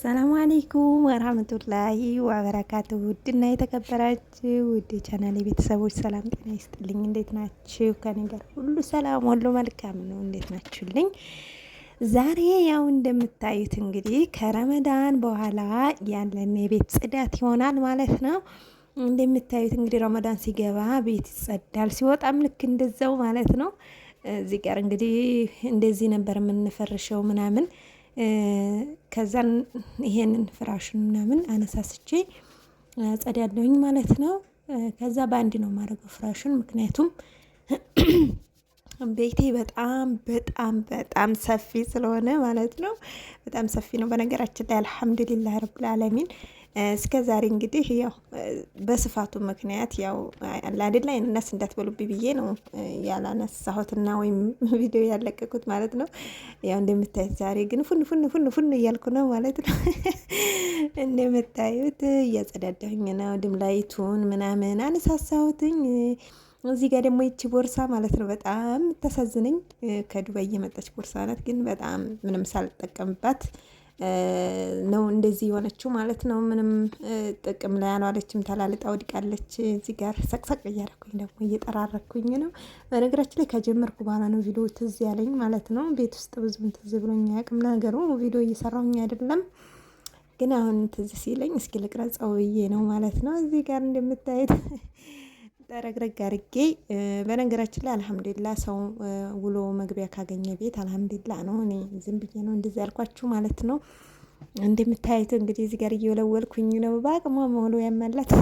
ሰላም አለይኩም ወራህመቱላሂ ወበረካቱ። ውድና የተከበራችሁ ውድ ቻናል ቤተሰቦች ሰላም ጤና ይስጥልኝ። እንዴት ናችሁ? ከነገር ሁሉ ሰላም ሁሉ መልካም ነው። እንዴት ናችሁልኝ? ዛሬ ያው እንደምታዩት እንግዲህ ከረመዳን በኋላ ያለን የቤት ጽዳት ይሆናል ማለት ነው። እንደምታዩት እንግዲህ ረመዳን ሲገባ ቤት ይጸዳል፣ ሲወጣም ልክ እንደዛው ማለት ነው። እዚህ ጋር እንግዲህ እንደዚህ ነበር የምንፈርሸው ምናምን ከዛን ይሄንን ፍራሹን ምናምን አነሳስቼ አጸዳለሁኝ ማለት ነው። ከዛ በአንድ ነው ማድረገው ፍራሹን ምክንያቱም ቤቴ በጣም በጣም በጣም ሰፊ ስለሆነ ማለት ነው። በጣም ሰፊ ነው። በነገራችን ላይ አልሐምዱሊላህ ረብል እስከ ዛሬ እንግዲህ ያው በስፋቱ ምክንያት ያው ላይ አይንነስ እንዳትበሉብ ብዬ ነው ያላነሳሁትና ወይም ቪዲዮ ያለቀኩት ማለት ነው። ያው እንደምታዩት ዛሬ ግን ፉን ፉን ፉን ፉን እያልኩ ነው ማለት ነው። እንደምታዩት እያጸዳዳሁኝ ነው። ድምላይቱን ምናምን አነሳሳሁትኝ። እዚህ ጋር ደግሞ ይቺ ቦርሳ ማለት ነው በጣም ተሳዝነኝ። ከዱባይ የመጣች ቦርሳ ናት። ግን በጣም ምንም ሳልጠቀምባት ነው እንደዚህ የሆነችው ማለት ነው። ምንም ጥቅም ላይ አልዋለችም፣ ተላልጣ ወድቃለች። እዚህ ጋር ሰቅሰቅ እያደረኩኝ ደግሞ እየጠራረኩኝ ነው። በነገራችን ላይ ከጀመርኩ በኋላ ነው ቪዲዮ ትዝ ያለኝ ማለት ነው። ቤት ውስጥ ብዙም ትዝ ብሎኝ አያውቅም ነገሩ። ቪዲዮ እየሰራሁኝ አይደለም ግን አሁን ትዝ ሲለኝ እስኪ ልቅረጸው ብዬ ነው ማለት ነው። እዚህ ጋር እንደምታየት ረግረግ አርጌ በነገራችን ላይ አልሐምዱሊላ ሰው ውሎ መግቢያ ካገኘ ቤት አልሐምዱሊላ ነው። እኔ ዝም ብዬ ነው እንደዚህ ያልኳችሁ ማለት ነው። እንደምታዩት እንግዲህ እዚህ ጋር እየወለወልኩኝ ነው። በአቅሟ መሆኑ ያመላት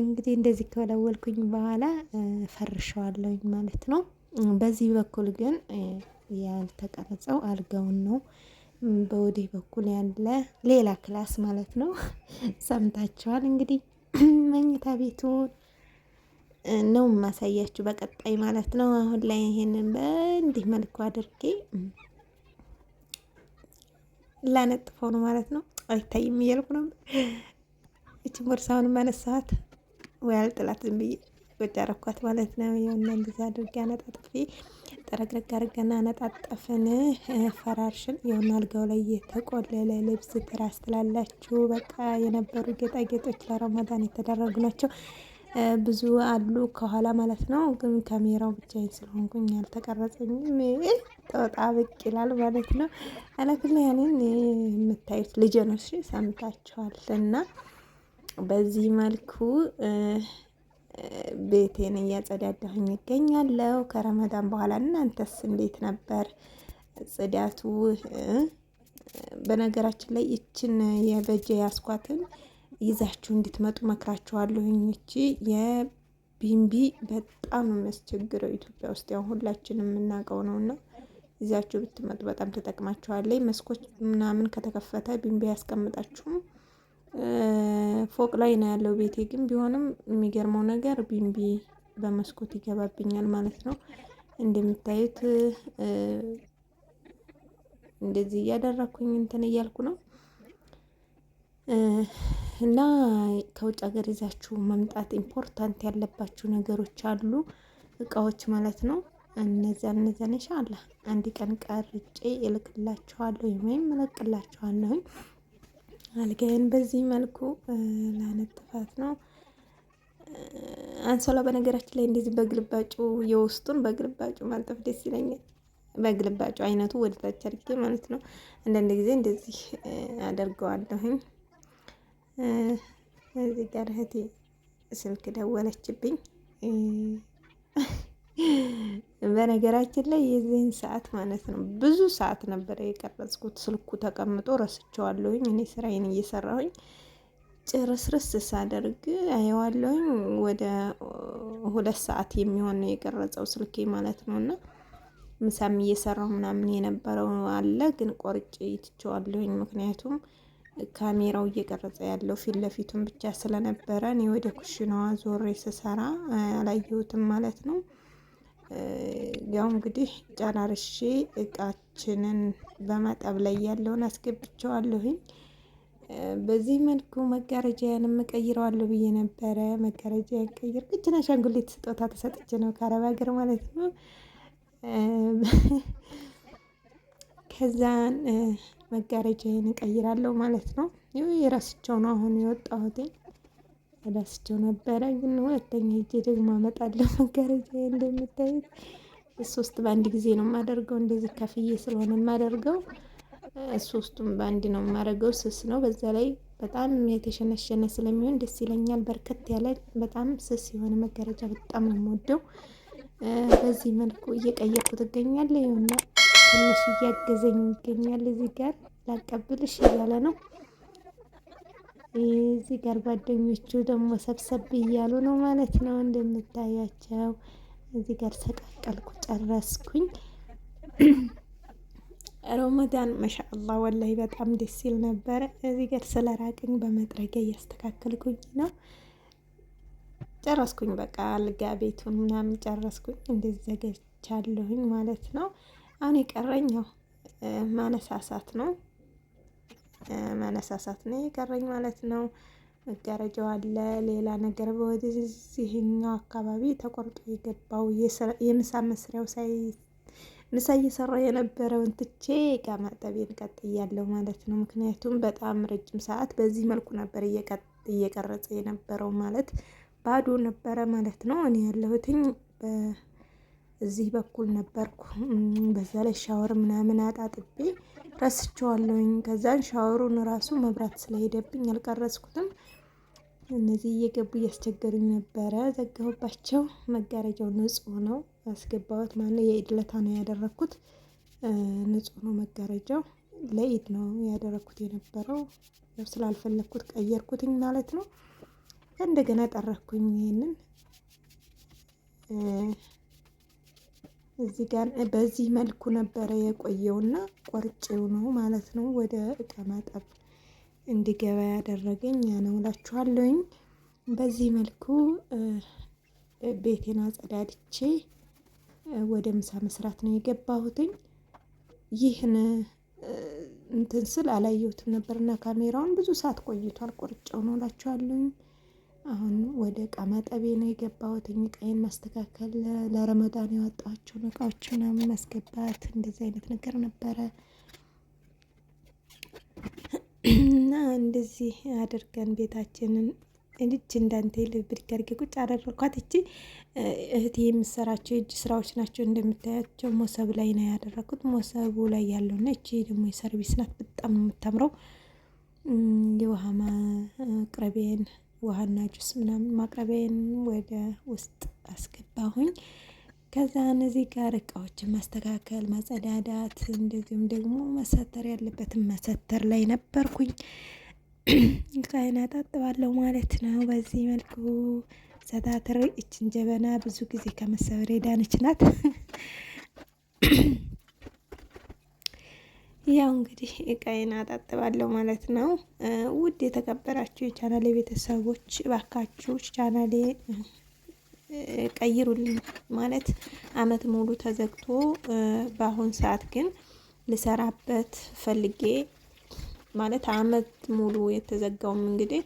እንግዲህ እንደዚህ ከወለወልኩኝ በኋላ ፈርሸዋለሁኝ ማለት ነው። በዚህ በኩል ግን ያልተቀረጸው አልጋውን ነው። በወዲህ በኩል ያለ ሌላ ክላስ ማለት ነው። ሰምታችኋል እንግዲህ መኝታ ቤቱን ነው የማሳያችሁ በቀጣይ ማለት ነው። አሁን ላይ ይሄንን በእንዲህ መልኩ አድርጌ ላነጥፈው ነው ማለት ነው። አይታይም እያልኩ ነው። እቺ ቦርሳውን መነሳት ወይ አልጥላት ዝም ብዬ ቁጭ አረኳት ማለት ነው። የሆነ እንደዚህ አድርጌ አነጣጥፌ ጠረግረግ አድርገን አነጣጠፍን። ፈራርሽን የሆነ አልጋው ላይ የተቆለለ ልብስ ትራስ ትላላችሁ። በቃ የነበሩ ጌጣጌጦች ለረመዳን የተደረጉ ናቸው። ብዙ አሉ ከኋላ ማለት ነው። ግን ካሜራው ብቻዬን ስለሆንኩኝ አልተቀረጸኝም። ጦጣ ብቅ ይላል ማለት ነው። አላክላ ያንን የምታዩት ልጄ ነው። ሰምታችኋል። እና በዚህ መልኩ ቤቴን እያጸዳዳሁኝ ይገኛለሁ። ከረመዳን በኋላ እናንተስ እንዴት ነበር ጽዳቱ? በነገራችን ላይ ይችን የበጀ ያስኳትን ይዛችሁ እንድትመጡ መክራችኋለሁኝ። ይቺ የቢንቢ በጣም የሚያስቸግረው ኢትዮጵያ ውስጥ ያው ሁላችን የምናውቀው ነው እና ይዛችሁ ብትመጡ በጣም ተጠቅማችኋለኝ። መስኮች ምናምን ከተከፈተ ቢንቢ አያስቀምጣችሁም። ፎቅ ላይ ነው ያለው ቤቴ። ግን ቢሆንም የሚገርመው ነገር ቢንቢ በመስኮት ይገባብኛል ማለት ነው። እንደምታዩት እንደዚህ እያደረኩኝ እንትን እያልኩ ነው እና ከውጭ ሀገር ይዛችሁ መምጣት ኢምፖርታንት ያለባችሁ ነገሮች አሉ፣ እቃዎች ማለት ነው። እነዛ እነዛን ኢንሻአላህ አንድ ቀን ቀርጬ እልክላችኋለሁ ወይም እለቅላችኋለሁኝ። አልጋዬን በዚህ መልኩ ላነጥፋት ነው። አንሶላ በነገራችን ላይ እንደዚህ በግልባጩ የውስጡን በግልባጩ ማንጠፍ ደስ ይለኛል። በግልባጩ አይነቱ ወደታች አድርጌ ማለት ነው። አንዳንድ ጊዜ እንደዚህ አደርገዋለሁኝ። እዚህ ጋር እህቴ ስልክ ደወለችብኝ። በነገራችን ላይ የዚህን ሰዓት ማለት ነው ብዙ ሰዓት ነበረ የቀረጽኩት። ስልኩ ተቀምጦ ረስቸዋለሁኝ። እኔ ስራዬን እየሰራሁኝ ጭርስርስ ሳደርግ አየዋለሁኝ። ወደ ሁለት ሰዓት የሚሆን ነው የቀረጸው ስልኬ ማለት ነው እና ምሳም እየሰራው ምናምን የነበረው አለ፣ ግን ቆርጬ ይትቸዋለሁኝ። ምክንያቱም ካሜራው እየቀረጸ ያለው ፊት ለፊቱን ብቻ ስለነበረ እኔ ወደ ኩሽናዋ ዞሬ ስሰራ አላየሁትም ማለት ነው። ያው እንግዲህ ጨራርሼ እቃችንን በማጠብ ላይ ያለውን አስገብቸዋለሁኝ። በዚህ መልኩ መጋረጃያንም እቀይረዋለሁ ብዬ ነበረ። መጋረጃ ቀይር ግችን አሻንጉሊት ስጦታ ተሰጥቼ ነው ከአረብ ሀገር ማለት ነው። ከዛን መጋረጃዬን እቀይራለሁ ማለት ነው። ይኸው የረስቸው ነው አሁን የወጣሁትኝ ረስቸው ነበረ። ግን ሁለተኛ እጄ ደግሞ አመጣለሁ መጋረጃ። እንደምታዩት ሶስት በአንድ ጊዜ ነው የማደርገው። እንደዚህ ከፍዬ ስለሆነ የማደርገው ሶስቱም በአንድ ነው የማደርገው። ስስ ነው በዛ ላይ በጣም የተሸነሸነ ስለሚሆን ደስ ይለኛል። በርከት ያለ በጣም ስስ የሆነ መጋረጃ በጣም ነው የምወደው። በዚህ መልኩ እየቀየርኩት እገኛለሁ። ይሁና ትንሽ እያገዘኝ ይገኛል። እዚህ ጋር ላቀብልሽ እያለ ነው እዚህ ጋር ጓደኞቹ ደግሞ ሰብሰብ እያሉ ነው ማለት ነው እንደምታያቸው። እዚህ ጋር ተቀቀልኩ ጨረስኩኝ። ረመዳን ማሻአላ ወላይ በጣም ደስ ሲል ነበረ። እዚህ ጋር ስለ ራቅኝ በመጥረጊያ እያስተካከልኩኝ ነው። ጨረስኩኝ በቃ አልጋ ቤቱን ምናምን ጨረስኩኝ። እንደዚህ ማለት ነው። አሁን የቀረኝ ያው ማነሳሳት ነው። መነሳሳት ነው የቀረኝ ማለት ነው። መጋረጃው አለ። ሌላ ነገር በወደዚህኛው አካባቢ ተቆርጦ የገባው የምሳ መስሪያው ሳይ ምሳ እየሰራ የነበረውን ትቼ እቃ ማጠቤን ቀጥያለሁ ማለት ነው። ምክንያቱም በጣም ረጅም ሰዓት በዚህ መልኩ ነበር እየቀረጸ የነበረው ማለት ባዶ ነበረ ማለት ነው። እኔ ያለሁትኝ እዚህ በኩል ነበርኩ። በዛ ላይ ሻወር ምናምን አጣጥቤ ረስቸዋለሁኝ። ከዛን ሻወሩን ራሱ መብራት ስለሄደብኝ አልቀረጽኩትም። እነዚህ እየገቡ እያስቸገሩኝ ነበረ። ዘጋሁባቸው። መጋረጃው ንጹህ ነው ያስገባሁት። ማነው ለታ ነው ያደረግኩት። ንጹህ ነው መጋረጃው። ለኢድ ነው ያደረግኩት የነበረው ስላልፈለግኩት ቀየርኩትኝ ማለት ነው። እንደገና ጠረኩኝ ይሄንን እዚህ ጋር በዚህ መልኩ ነበረ የቆየውና ቆርጬው ነው ማለት ነው ወደ እቃ ማጠብ እንዲገባ ያደረገኝ ያ ነው እላችኋለሁኝ። በዚህ መልኩ ቤቴን አጸዳድቼ ወደ ምሳ መስራት ነው የገባሁትኝ። ይህን እንትን ስል አላየሁትም ነበርና ካሜራውን ብዙ ሰዓት ቆይቷል። ቆርጬው ነው እላችኋለሁኝ። አሁን ወደ እቃ ማጠቤ ነው የገባሁት። እቃዬን ማስተካከል፣ ለረመዳን ያወጣቸው እቃዎች ምናምን ማስገባት፣ እንደዚህ አይነት ነገር ነበረ እና እንደዚህ አድርገን ቤታችንን እጅ እንዳንተ ብድግ አድርጌ ቁጭ አደረኳት። እቺ እህቴ የምሰራቸው የእጅ ስራዎች ናቸው። እንደምታያቸው ሞሰብ ላይ ነው ያደረኩት። ሞሰቡ ላይ ያለውና እቺ ደግሞ የሰርቪስ ናት። በጣም የምታምረው የውሃ ቅረቤን ውሃና ጁስ ምናምን ማቅረቢያን ወደ ውስጥ አስገባሁኝ። ከዛ እነዚህ ጋር እቃዎችን ማስተካከል፣ ማጸዳዳት እንደዚሁም ደግሞ መሰተር ያለበትን መሰተር ላይ ነበርኩኝ። ቃይና አጣጥባለሁ ማለት ነው። በዚህ መልኩ ሰታትር እችን ጀበና ብዙ ጊዜ ከመሰበሬ ዳነች ናት። ያው እንግዲህ እቃዬን አጣጥባለሁ ማለት ነው። ውድ የተከበራችሁ የቻናሌ ቤተሰቦች እባካችሁ ቻናሌ ቀይሩልኝ። ማለት አመት ሙሉ ተዘግቶ በአሁን ሰዓት ግን ልሰራበት ፈልጌ ማለት አመት ሙሉ የተዘጋውም እንግዲህ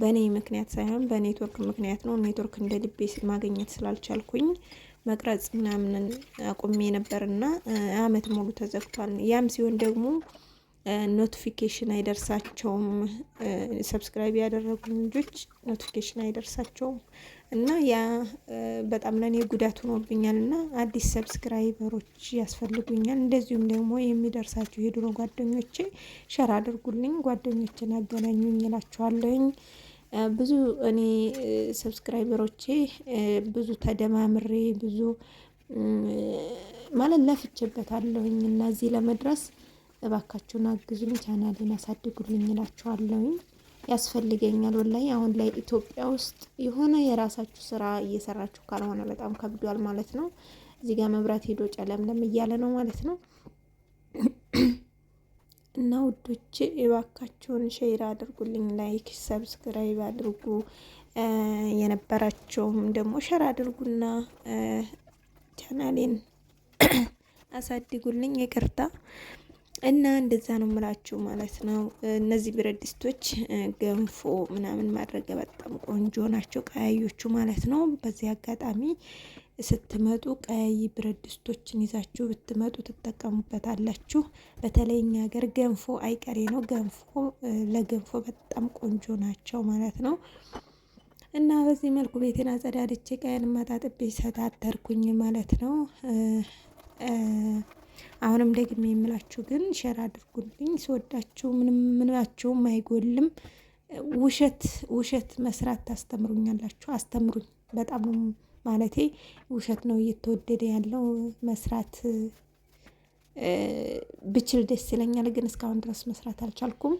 በእኔ ምክንያት ሳይሆን በኔትወርክ ምክንያት ነው። ኔትወርክ እንደ ልቤ ማግኘት ስላልቻልኩኝ መቅረጽ ምናምን አቁሜ ነበር እና አመት ሙሉ ተዘግቷል። ያም ሲሆን ደግሞ ኖቲፊኬሽን አይደርሳቸውም። ሰብስክራይብ ያደረጉ ልጆች ኖቲፊኬሽን አይደርሳቸውም እና ያ በጣም ለእኔ ጉዳት ሆኖብኛል እና አዲስ ሰብስክራይበሮች ያስፈልጉኛል። እንደዚሁም ደግሞ የሚደርሳቸው የድሮ ጓደኞቼ ሸር አድርጉልኝ፣ ጓደኞቼን አገናኙኝ እላችኋለሁኝ። ብዙ እኔ ሰብስክራይበሮቼ ብዙ ተደማምሬ ብዙ ማለት ለፍቼበታለሁኝ እና እዚህ ለመድረስ እባካችሁን አግዙኝ፣ ቻናሌን አሳድጉልኝ እላችኋለሁኝ። ያስፈልገኛል ወላሂ። አሁን ላይ ኢትዮጵያ ውስጥ የሆነ የራሳችሁ ስራ እየሰራችሁ ካልሆነ በጣም ከብዷል ማለት ነው። እዚህ ጋር መብራት ሄዶ ጨለምለም እያለ ነው ማለት ነው። እና ውዶቼ የባካችሁን ሼር አድርጉልኝ፣ ላይክ ሰብስክራይብ አድርጉ። የነበራቸውም ደግሞ ሸር አድርጉና ቻናሌን አሳድጉልኝ። ይቅርታ እና እንደዛ ነው ምላችሁ ማለት ነው። እነዚህ ብረት ድስቶች ገንፎ ምናምን ማድረግ በጣም ቆንጆ ናቸው፣ ቀያዮቹ ማለት ነው። በዚህ አጋጣሚ ስትመጡ ቀያይ ብረት ድስቶችን ይዛችሁ ብትመጡ ትጠቀሙበታላችሁ። በተለይ እኛ ሀገር ገንፎ አይቀሬ ነው። ገንፎ ለገንፎ በጣም ቆንጆ ናቸው ማለት ነው። እና በዚህ መልኩ ቤቴን አጸዳድቼ ቀያን ማጣጥቤ ሰታተርኩኝ ማለት ነው። አሁንም ደግሜ የምላችሁ ግን ሸር አድርጉልኝ። ስወዳችሁ ምንም ምናችሁም አይጎልም። ውሸት ውሸት መስራት ታስተምሩኛላችሁ። አስተምሩኝ በጣም ማለቴ ውሸት ነው እየተወደደ ያለው መስራት ብችል ደስ ይለኛል፣ ግን እስካሁን ድረስ መስራት አልቻልኩም።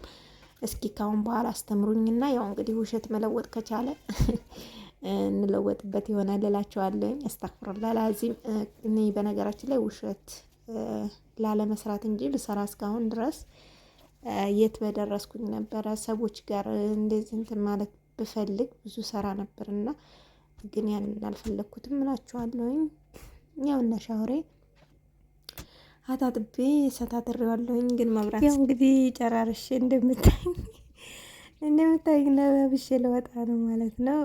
እስኪ ካሁን በኋላ አስተምሩኝና ያው እንግዲህ ውሸት መለወጥ ከቻለ እንለወጥበት ይሆናል እላቸዋለሁኝ። አስተፍሩላ ላዚም። እኔ በነገራችን ላይ ውሸት ላለመስራት እንጂ ብሰራ እስካሁን ድረስ የት በደረስኩኝ ነበረ። ሰዎች ጋር እንደዚህ እንትን ማለት ብፈልግ ብዙ ሰራ ነበር እና ግን ያንን አልፈለግኩትም እላችኋለሁኝ። ያው እነ ሻውሬ አታጥቤ ሰታትሬዋለሁኝ። ግን መብራት ያው እንግዲህ ጨራርሼ እንደምታኝ እንደምታኝ ለብሼ ለወጣ ነው ማለት ነው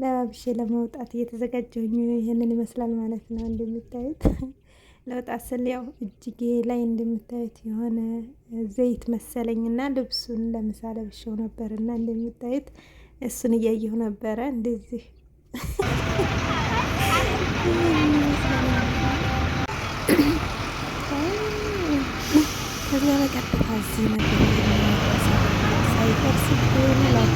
ለባብሼ ለመውጣት እየተዘጋጀሁኝ ይህንን ይመስላል ማለት ነው እንደምታዩት። ለወጣት ስል ያው እጅጌ ላይ እንደምታዩት የሆነ ዘይት መሰለኝ እና ልብሱን ለምሳ ለብሼው ነበር እና እንደምታዩት እሱን እያየሁ ነበረ እንደዚህ ከዚያ በቀጥታ እዚህ ነበር ሳይፈርስ ላቸው